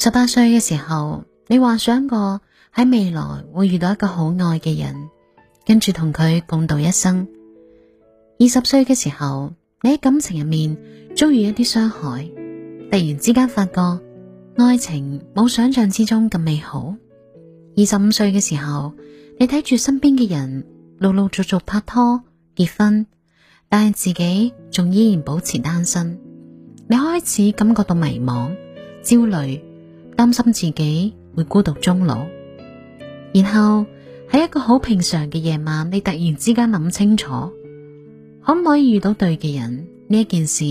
十八歲嘅時候，你幻想過喺未來會遇到一個好愛嘅人，跟住同佢共度一生。二十歲嘅時候，你喺感情入面遭遇一啲傷害，突然之間發覺愛情冇想象之中咁美好。二十五歲嘅時候，你睇住身邊嘅人陸陸續續拍拖、結婚，但係自己仲依然保持單身，你開始感覺到迷茫、焦慮。擔心自己會孤獨終老，然後喺一個好平常嘅夜晚，你突然之間諗清楚，可唔可以遇到對嘅人呢一件事，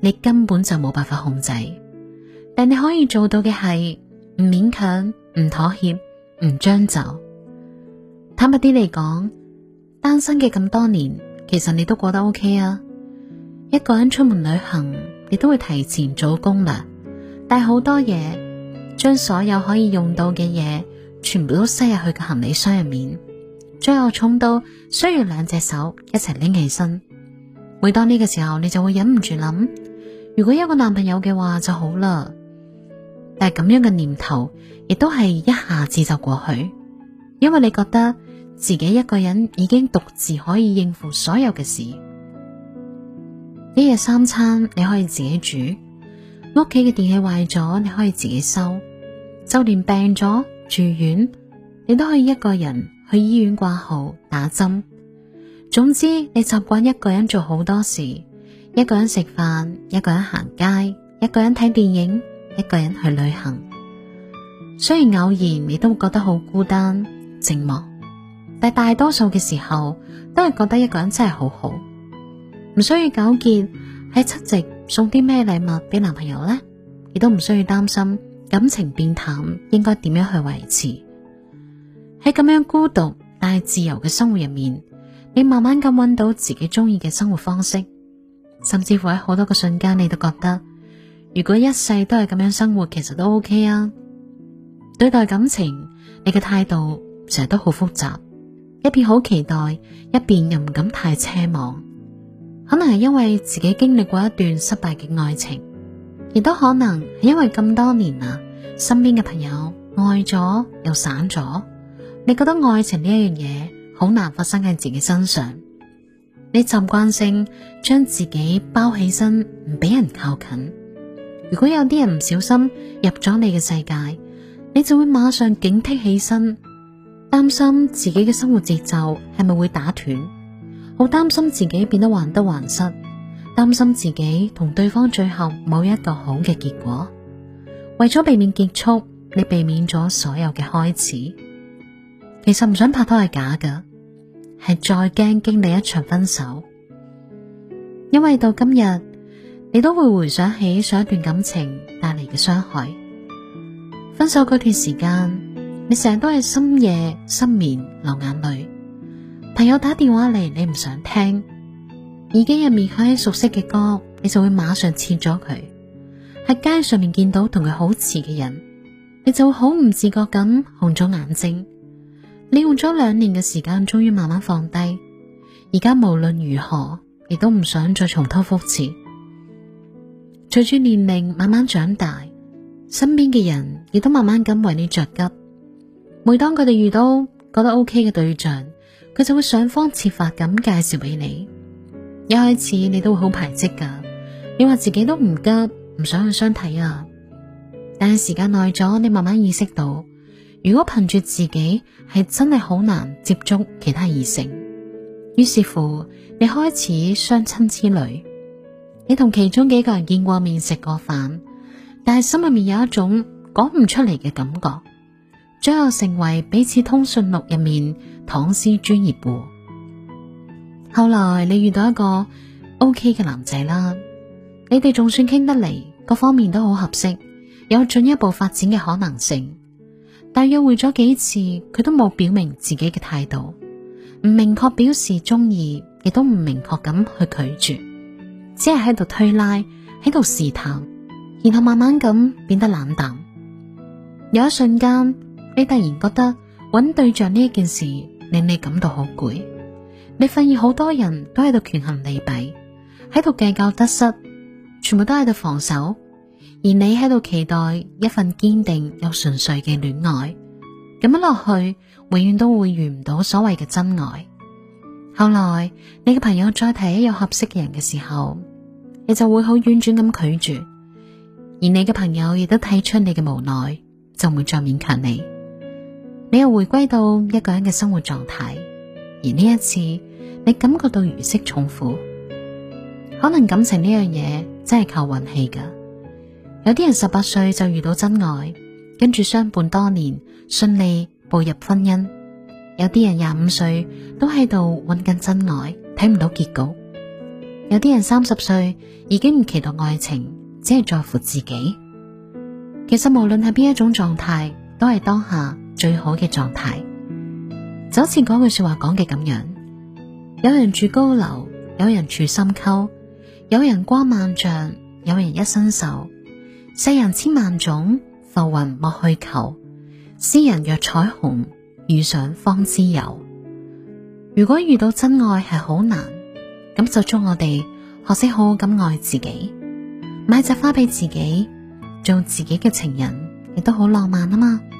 你根本就冇辦法控制。但你可以做到嘅係唔勉強、唔妥協、唔將就。坦白啲嚟講，單身嘅咁多年，其實你都過得 OK 啊。一個人出門旅行，你都會提前做攻略，但好多嘢。將所有可以用到嘅嘢，全部都塞入去個行李箱入面，最後重到需要兩隻手一齊拎起身。每當呢個時候，你就會忍唔住諗：如果有個男朋友嘅話就好啦。但係咁樣嘅念頭，亦都係一下子就過去，因為你覺得自己一個人已經獨自可以應付所有嘅事。一日三餐你可以自己煮，屋企嘅電器壞咗你可以自己修。就連病咗住院，你都可以一個人去醫院掛號打針。總之，你習慣一個人做好多事，一個人食飯，一個人行街，一個人睇電影，一個人去旅行。雖然偶然你都會覺得好孤單寂寞，但大多數嘅時候都係覺得一個人真係好好，唔需要糾結喺七夕送啲咩禮物俾男朋友呢？亦都唔需要擔心。感情變淡，應該點樣去維持？喺咁樣孤獨但係自由嘅生活入面，你慢慢咁揾到自己中意嘅生活方式，甚至乎喺好多個瞬間，你都覺得如果一世都係咁樣生活，其實都 OK 啊。對待感情，你嘅態度成日都好複雜，一邊好期待，一邊又唔敢太奢望。可能係因為自己經歷過一段失敗嘅愛情。亦都可能係因為咁多年啊，身邊嘅朋友愛咗又散咗，你覺得愛情呢一樣嘢好難發生喺自己身上。你習慣性將自己包起身，唔俾人靠近。如果有啲人唔小心入咗你嘅世界，你就會馬上警惕起身，擔心自己嘅生活節奏係咪會打斷，好擔心自己變得患得患失。擔心自己同對方最後冇一個好嘅結果，為咗避免結束，你避免咗所有嘅開始。其實唔想拍拖係假㗎，係再驚經歷一場分手。因為到今日，你都會回想起上一段感情帶嚟嘅傷害。分手嗰段時間，你成日都係深夜失眠、流眼淚，朋友打電話嚟，你唔想聽。耳機入面響起熟悉嘅歌，你就會馬上切咗佢。喺街上面見到同佢好似嘅人，你就會好唔自覺咁紅咗眼睛。你用咗兩年嘅時間，終於慢慢放低。而家無論如何，亦都唔想再重蹈覆轍。隨住年齡慢慢長大，身邊嘅人亦都慢慢咁為你着急。每當佢哋遇到覺得 OK 嘅對象，佢就會想方設法咁介紹俾你。一開始你都會好排斥噶，你話自己都唔急，唔想去相睇啊。但係時間耐咗，你慢慢意識到，如果憑住自己係真係好難接觸其他異性。於是乎，你開始相親之旅，你同其中幾個人見過面食過飯，但係心入面有一種講唔出嚟嘅感覺，最後成為彼此通訊錄入面躺屍專業戶。後來你遇到一個 OK 嘅男仔啦，你哋仲算傾得嚟，各方面都好合適，有進一步發展嘅可能性。但約會咗幾次，佢都冇表明自己嘅態度，唔明確表示中意，亦都唔明確咁去拒絕，只係喺度推拉，喺度試探，然後慢慢咁變得冷淡。有一瞬間，你突然覺得揾對象呢一件事令你感到好攰。你發現好多人都喺度權衡利弊，喺度計較得失，全部都喺度防守，而你喺度期待一份堅定又純粹嘅戀愛，咁樣落去永遠都會遇唔到所謂嘅真愛。後來你嘅朋友再提起有合適嘅人嘅時候，你就會好婉轉咁拒絕，而你嘅朋友亦都睇出你嘅無奈，就唔會再勉強你。你又回歸到一個人嘅生活狀態，而呢一次。你感覺到如釋重負，可能感情呢樣嘢真係靠運氣噶。有啲人十八歲就遇到真愛，跟住相伴多年，順利步入婚姻；有啲人廿五歲都喺度揾緊真愛，睇唔到結局；有啲人三十歲已經唔期待愛情，只係在乎自己。其實無論係邊一種狀態，都係當下最好嘅狀態。就好似嗰句說話講嘅咁樣。有人住高樓，有人住深溝，有人光萬丈，有人一身愁。世人千萬種，浮雲莫去求。斯人若彩虹，遇上方知有。如果遇到真愛係好難，咁就祝我哋學識好好咁愛自己，買隻花俾自己，做自己嘅情人，亦都好浪漫啊嘛～